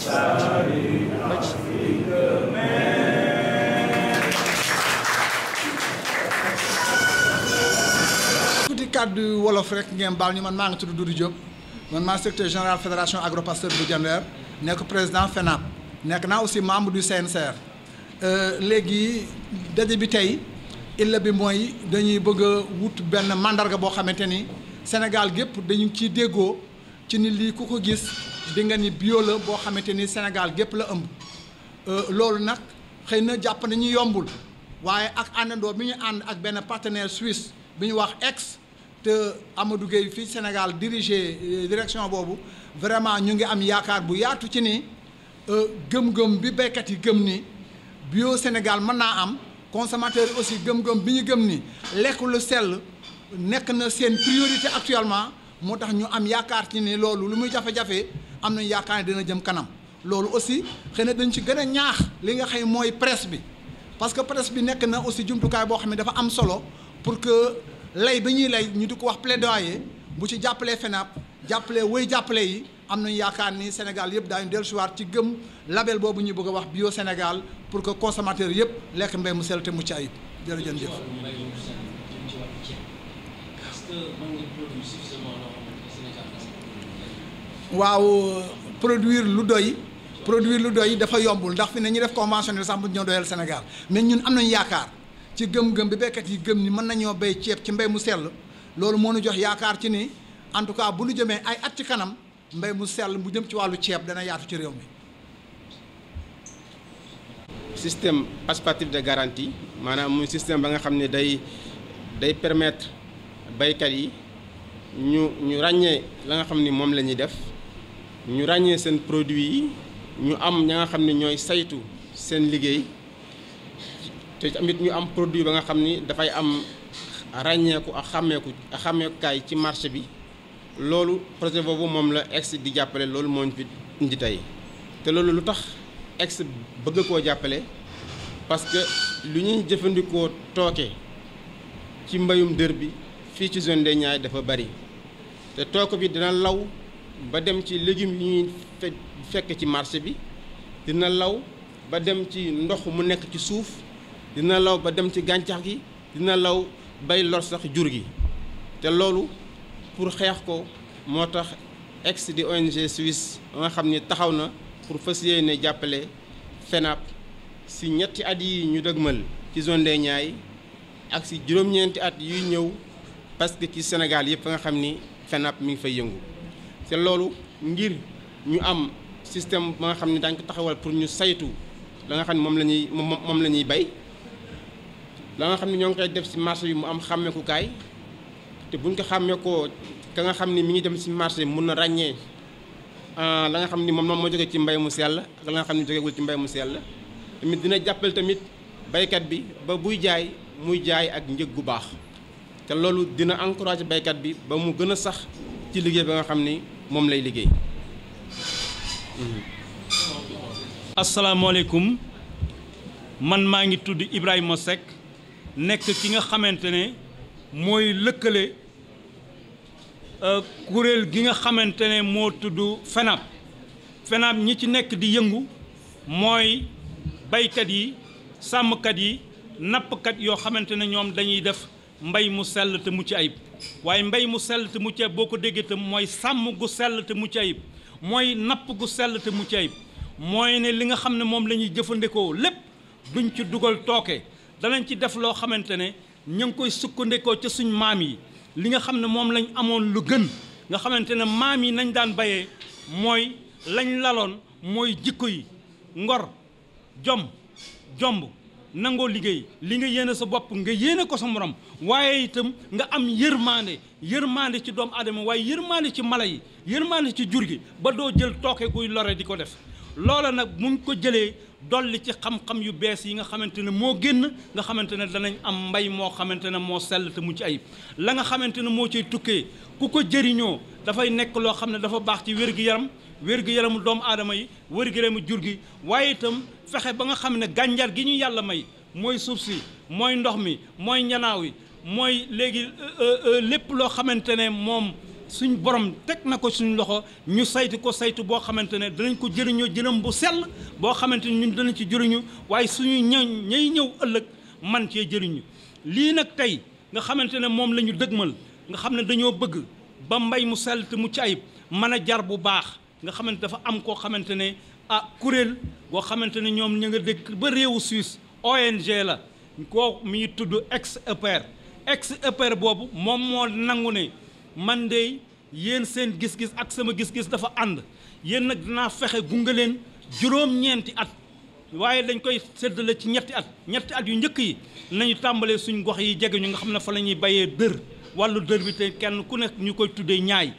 Charity must feed wolof rek ngeen baal ñu man maa ngi tudd Doudou Diop man maa secrétaire général fédération agropasteur bu Diender nekk président FENAP nekk naa aussi membre du CNCR euh, léegi daje bi tey illa bi mooy dañuy bëgg a wut benn mandarga boo xamante ni Sénégal gépp dañu ci déggoo. ci ni lii ku ko gis di nga ni bio la boo xamante ni Sénégal gépp la ëmb euh, loolu nag xëy na jàpp nañu yombul waaye ak àndandoo bi ñu ànd ak benn partenaire suisse bi ñu wax ex te Amadou Gueye fii Sénégal diriger euh, direction boobu vraiment ñu ngi am yaakaar bu yaatu ci ni euh, gëm-gëm bi béykat yi gëm ni bio Sénégal mën naa am consommateur aussi gëm-gëm bi ñu gëm ni lekk lu sell nekk na seen priorité actuellement moo tax ñu am yaakaar ci ne loolu lu muy jafe-jafe am nañu yaakaar ne dina jëm kanam loolu aussi xëy na dañ ci gën a ñaax li nga xam mooy press bi parce que presse bi nekk na aussi jumtukaay boo xam ne dafa am solo pour que lay bi ñuy lay ñu di ko wax plaidoyer bu ci jàppalee FENAP jàppalee woy jàppale yi am nañu yaakaar ni Sénégal yëpp daañu dellusiwaat ci gëm label boobu ñu bëgg a wax bio Sénégal pour que consommateur yëpp lekk mbay mu sell te mucc ayib jërëjëf. waaw produire lu doy produire lu doy dafa yombul ndax fi ne ñu def conventionnel sax mu ñoo doyal Sénégal mais ñun am nañu yaakaar ci gëm-gëm bi béykat yi gëm ni mën nañoo bay ceeb ci mbay mu sell loolu moo nu jox yaakaar ci ni en tout cas bu ñu jëmee ay at ci kanam mbéy mu sell mu jëm ci wàllu ceeb dana yaatu ci réew mi. système participatif de garantie maanaam muy système ba nga xam ne day day permettre baykat yi ñu ñu ràññee la nga xam ni moom la ñuy def. ñu ràññee seen produit yi ñu am ña nga xam ne ñooy saytu seen liggéey te tamit ñu am produit ba nga xam ni dafay am ràññeeku a xàmmeeku ak xàmmeekukaay ci marché bi loolu projet boobu moom la ex di jàppale loolu moo ñu fi indi tey te loolu lu tax ex bëgg koo jàppale parce que lu ñuy jëfandikoo tooke ci mbayum dër bi fii ci zone des dafa bari te tooke bi dina law ba dem ci légumes yi ñuy fe fekk ci marché bi dina law ba dem ci ndox mu nekk ci suuf dina law ba dem ci gàncax gi dina law bay lor sax jur gi te loolu pour xeex ko moo tax ex di ONG Suisse nga xam ni taxaw na pour fas ne jàppale FENAP si ñetti at yi ñu dëgmal ci zone des Niayes ak ci juróom-ñeenti at yuy ñëw parce que ci Sénégal yëpp nga xam ni FENAP mi ngi fay yëngu te loolu ngir ñu am système ba nga xam ne daañu ko taxawal pour ñu saytu la nga xam ne moom la ñuy moom la ñuy bay la nga xam ne ñoo ngi koy def ci marché yi mu am xàmmeekukaay te buñ ko xàmmeekoo ka nga xam ni mi ngi dem ci marché mun na ràññee ah, la nga xam ni moom moom moo jógee ci mbay mu sell ak la nga xam ni jógeewul ci mbay mu sell tamit dina jàppale tamit baykat bi ba buy jaay muy jaay ak njëg gu baax te loolu dina encourager baykat bi ba mu gën a sax ci liggéey ba nga xam ni moom lay liggéey. Mhm. asalaamaaleykum man maa ngi tudd Ibrahima Seck nekk ki nga xamante ne mooy lëkkale euh, kuréel gi nga xamante ne moo tudd FENAB FENAB ñi ci nekk di yëngu mooy baykat yi sàmmkat yi nappkat yoo xamante ne ñoom dañuy def. mbay mu sell te mucc ayib waaye mbay mu sell te mucc ayib boo ko déggee tam mooy sàmm gu sell te mucc ayib mooy napp gu sell te mucc ayib mooy ne li nga xam ne moom la ñuy jëfandikoo lépp duñ ci dugal tooke danañ ci def loo xamante ne ñu ngi koy sukkandikoo ca suñ maam yi li nga xam ne moom lañ amoon lu gën nga xamante ne maam yi nañ daan bayee mooy lañ laloon mooy jikko yi ngor jom jomb nangoo liggéey li nga yéene sa bopp nga yéene ko sa morom waaye itam nga am yërmande yërmande ci doomu aadama waaye yërmande ci mala yi yërmande ci jur gi ba doo jël tooke guy lore di ko def loola nag muñ ko jëlee dolli ci xam-xam yu bees yi nga xamante ne moo génn nga xamante ne danañ am mbay moo xamante ne moo sell te mu ci ayib la nga xamante ne moo ciy tukkee ku ko jëriñoo dafay nekk loo xam ne dafa baax ci wér-gi-yaram wér-gu-yaramu doomu aadama yi wér-gu-yaramu jur gi waaye itam fexe ba nga xam ne gànjar gi ñu yàlla may mooy suuf si mooy ndox mi mooy ñanaaw yi mooy léegi euh, euh, euh, lépp loo xamante ne moom suñ borom teg na ko suñu loxo ñu saytu ko saytu boo xamante ne danañ ko jëriñoo jëlam bu sell boo xamante ne ñun danañ ci jëriñu waaye suñu ñëw ñay ñëw ëllëg man cee jëriñu lii nag tey nga xamante ne moom la ñu dëgmal nga xam ne dañoo bëgg ba mbay mu sell te mucc ayib mën a jar bu baax nga xamante dafa am koo xamante ne ah kuréel boo xamante ne ñoom ñu nga dëkk ba réewu Suisse ONG la koo mi tudd ex EPR ex EPR boobu moom moo nangu ne man de yéen seen gis-gis ak sama gis-gis dafa ànd yéen nag dinaa fexe gunge leen juróom-ñeenti at waaye dañ koy séddale ci ñetti at ñetti at yu njëkk yi nañu tàmbalee suñ gox yi jege ñu nga xam ne fa la ñuy bayee dër wàllu dër bi te kenn ku nekk ñu koy tuddee ñaay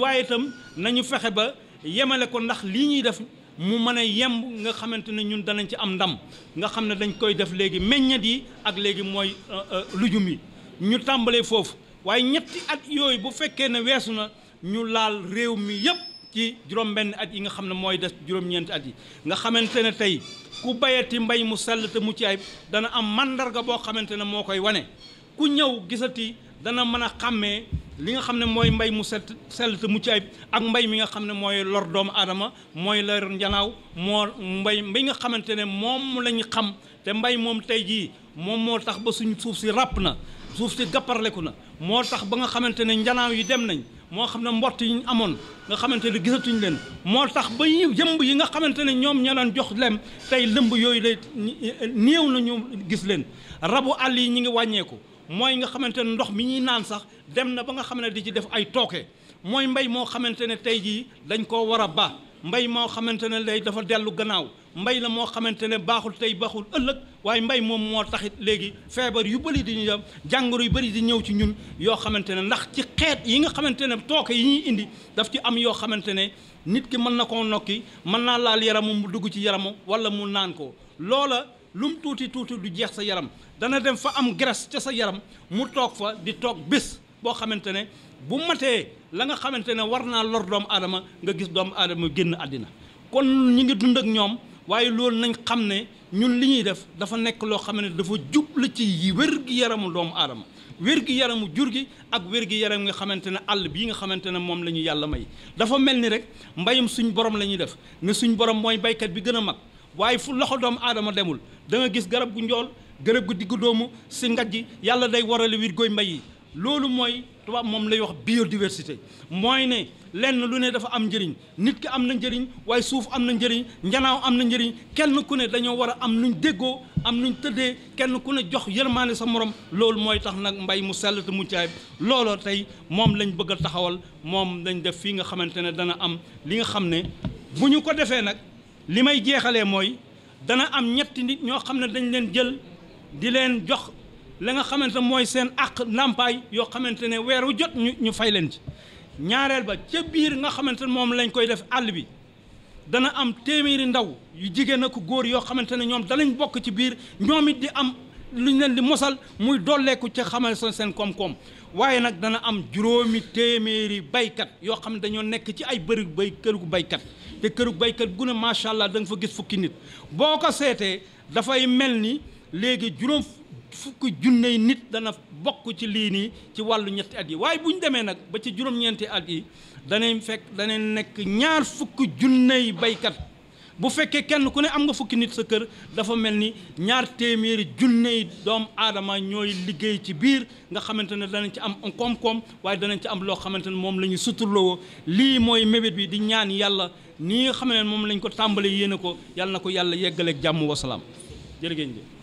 waaye itam nañu fexe ba. yemale ko ndax lii ñuy def mu mën a yemb nga xamante ne ñun danañ ci am ndam nga xam ne dañ koy def léegi meññat yi ak léegi mooy euh, euh, lujum yi ñu tàmbalee foofu waaye ñetti at yooyu bu fekkee ne weesu na ñu laal réew mi yépp ci juróom-benn at yi nga xam ne mooy des juróom at yi nga xamante ne tey ku bayati mbay mu sell te mu ci ayib dana am màndarga boo xamante ne moo koy wane ku ñëw gisati. dana mën a xàmmee li nga xam ne mooy mbay mu set sell te mucc ayib ak mbay mi nga xam ne mooy lor doomu aadama mooy lor njanaaw moo mbay mbay nga xamante ne moom la ñu xam te mbay moom tey jii moom moo tax ba suñ suuf si ràpp na suuf si gàpparleku na moo tax ba nga xamante ne njanaaw yi dem nañ moo xam ne mbott yi amoon nga xamante ne gisatuñ leen moo tax ba jëmb yi nga xamante ne ñoom ñoo leen jox lem tey lëmb yooyu de néew na ñu gis leen rabu àll yi ñu ngi wàññeeku. mooy nga xamante ne ndox mi ñuy naan sax dem na ba nga xam ne di ci def ay tooke mooy mbay moo xamante ne tey jii dañ koo war a ba mbay moo xamante ne day dafa dellu gannaaw mbay la moo xamante ne baaxul tey baaxul ëllëg waaye mbay moom moo taxit léegi feebar yu bëri di dem jàngoro yu bëri di ñëw ci ñun yoo xamante ne ndax ci xeet yi nga xamante ne tooke yi ñuy indi daf ci am yoo xamante ne nit ki mën na koo nokki mën naa laal yaramam mu dugg ci yaramu wala mu naan ko loola lu tuuti tuuti du jeex sa yaram dana dem fa am graisse ca sa yaram mu toog fa di toog bés boo xamante ne bu matee la nga xamante ne war naa lor doomu aadama nga gis doomu aadama génn àddina kon ñi ngi dund ak ñoom waaye loolu nañ xam ne ñun li ñuy def dafa nekk loo xam ne dafa jublu ci wér-gi-yaramu doomu aadama wér-gi-yaramu jur gi ak wér-gi-yaram nga xamante ne àll bii nga xamante ne moom la ñu yàlla may dafa mel ni rek mbayum suñ borom la ñuy def ne suñ borom mooy baykat bi gën a mag waaye fu loxo doomu aadama demul da gis garab gu njool garab gu diggu doomu si ngajji yàlla day warale wir goy mbay yi loolu mooy tubaab moom lay wax diversité mooy ne lenn lu ne dafa am njëriñ nit ki am na njëriñ waaye suuf am na njëriñ njanaaw am na njëriñ kenn ku ne dañoo war a am ñu déggoo am ñu tëddee kenn ku ne jox yërmaane sa morom loolu mooy tax nag mbay mu sell te mu caay looloo tey moom lañ bëgg a taxawal moom lañ def fii nga xamante ne dana am li nga xam ne bu ñu ko defee nag. li may jeexalee mooy dana am ñetti nit ñoo xam ne dañ leen jël di leen jox la nga xamante mooy seen àq ndàmpaay yoo xamante ne weeru wu jot ñu ñu fay leen ci ñaareel ba ca biir nga xamante ne moom lañ koy def àll bi dana am téeméeri ndaw yu jigéen ak góor yoo xamante ne ñoom danañ bokk ci biir ñoom it di am luñ leen di mosal muy dolleeku ca xamal seen koom-koom waaye nag dana am juróomi téeméeri baykat yoo xam ne dañoo nekk ci ay bëri bay kër baykat te këru baykat gu ne macha allah da nga fa gis fukki nit boo ko seetee dafay mel ni léegi juróom fukki junney nit dana bokk ci lii nii ci wàllu ñetti at yi waaye bu ñu demee nag ba ci juróom-ñeenti at yi danay fekk danay nekk ñaar fukki junney baykat bu fekkee kenn ku ne am nga fukki nit sa kër dafa mel ni ñaar téeméeri junney doom aadama ñooy liggéey ci biir nga xamante ne danañ ci am koom-koom waaye danañ ci am loo xamante ne moom la ñu suturloo lii mooy mébét bi di ñaan yàlla nii nga xam ne moom lañ ko tàmbali yéene ko yàlla na ko yàlla yeggaleeg jàmm wasalaam jërë ngeen jëf